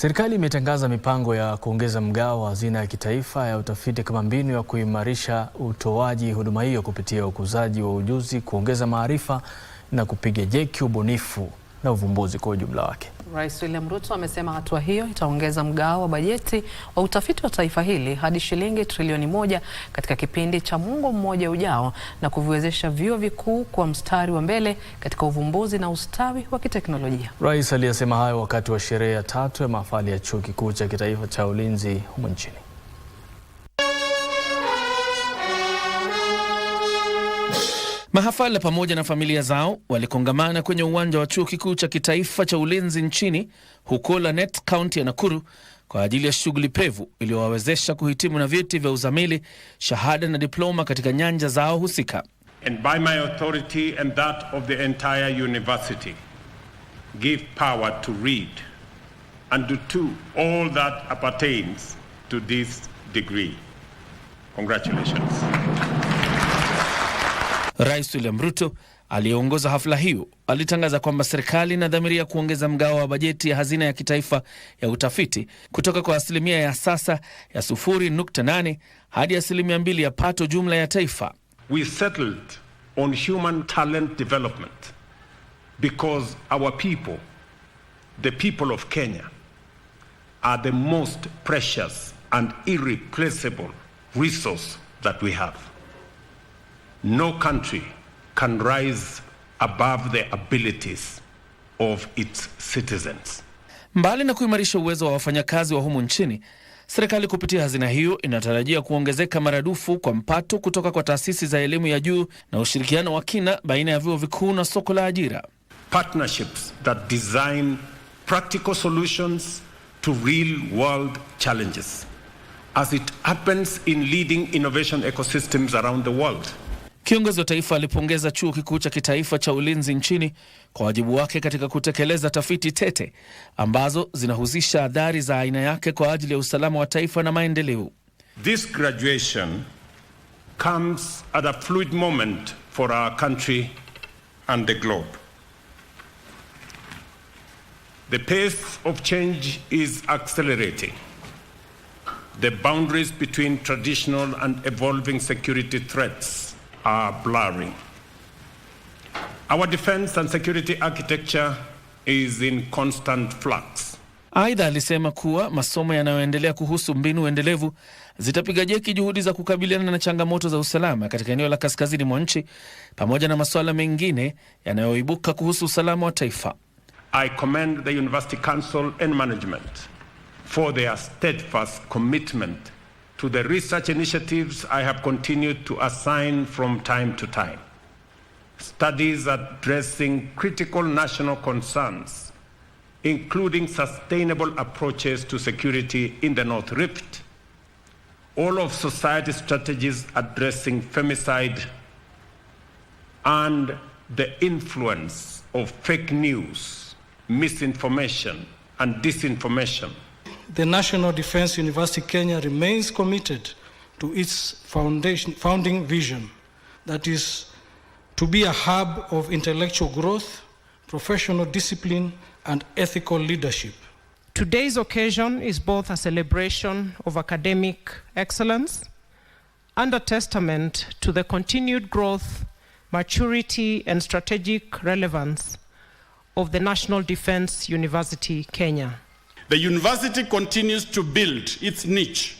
Serikali imetangaza mipango ya kuongeza mgao wa hazina ya kitaifa ya utafiti kama mbinu ya kuimarisha utoaji huduma hiyo kupitia ukuzaji wa ujuzi, kuongeza maarifa na kupiga jeki ubunifu na uvumbuzi kwa ujumla wake. Rais William Ruto amesema hatua hiyo itaongeza mgao wa bajeti wa utafiti wa taifa hili hadi shilingi trilioni moja katika kipindi cha muongo mmoja ujao na kuviwezesha vyuo vikuu kwa mstari wa mbele katika uvumbuzi na ustawi wa kiteknolojia. Rais aliyesema hayo wakati wa sherehe ya tatu ya mahafali ya Chuo Kikuu cha Kitaifa cha Ulinzi humu nchini. Mahafala pamoja na familia zao walikongamana kwenye uwanja wa chuo kikuu cha kitaifa cha ulinzi nchini huko Lanet, kaunti ya Nakuru kwa ajili ya shughuli pevu iliyowawezesha kuhitimu na vyeti vya uzamili, shahada na diploma katika nyanja zao husika. And by my authority and that of the entire university give power to read and to do all that appertains to this degree. Congratulations. Rais William Ruto aliyeongoza hafla hiyo alitangaza kwamba serikali inadhamiria kuongeza mgao wa bajeti ya hazina ya kitaifa ya utafiti kutoka kwa asilimia ya sasa ya 0.8 hadi asilimia mbili ya pato jumla ya taifa. We settled on human talent development because our people, the people of Kenya, are the most precious and irreplaceable resource that we have. No country can rise above the abilities of its citizens. Mbali na kuimarisha uwezo wa wafanyakazi wa humu nchini, serikali kupitia hazina hiyo inatarajia kuongezeka maradufu kwa mpato kutoka kwa taasisi za elimu ya juu na ushirikiano wa kina baina ya vyuo vikuu na soko la ajira. Partnerships that design practical solutions to real world challenges as it happens in leading innovation ecosystems around the world. Kiongozi wa taifa alipongeza Chuo Kikuu cha Kitaifa cha Ulinzi nchini kwa wajibu wake katika kutekeleza tafiti tete ambazo zinahusisha adhari za aina yake kwa ajili ya usalama wa taifa na maendeleo. This graduation comes at a fluid moment for our country and the globe. The pace of change is accelerating. The boundaries between traditional and evolving security threats are blurry. Our defense and security architecture is in constant flux. Aidha, alisema kuwa masomo yanayoendelea kuhusu mbinu endelevu zitapiga jeki juhudi za kukabiliana na changamoto za usalama katika eneo la kaskazini mwa nchi pamoja na masuala mengine yanayoibuka kuhusu usalama wa taifa. I commend the University Council and management for their steadfast commitment to the research initiatives I have continued to assign from time to time. Studies addressing critical national concerns, including sustainable approaches to security in the North Rift, all of society strategies addressing femicide, and the influence of fake news, misinformation, and disinformation the National Defense University Kenya remains committed to its founding vision, that is, to be a hub of intellectual growth, professional discipline, and ethical leadership. Today's occasion is both a celebration of academic excellence and a testament to the continued growth, maturity, and strategic relevance of the National Defense University Kenya. The university continues to build its niche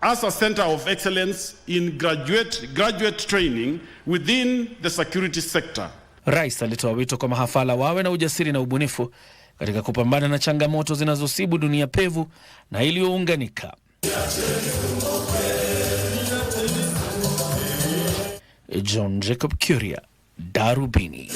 as a center of excellence in graduate, graduate training within the security sector. Rais alitoa wito kwa mahafala wawe na ujasiri na ubunifu katika kupambana na changamoto zinazosibu dunia pevu na iliyounganika. John Jacob Kuria, Darubini.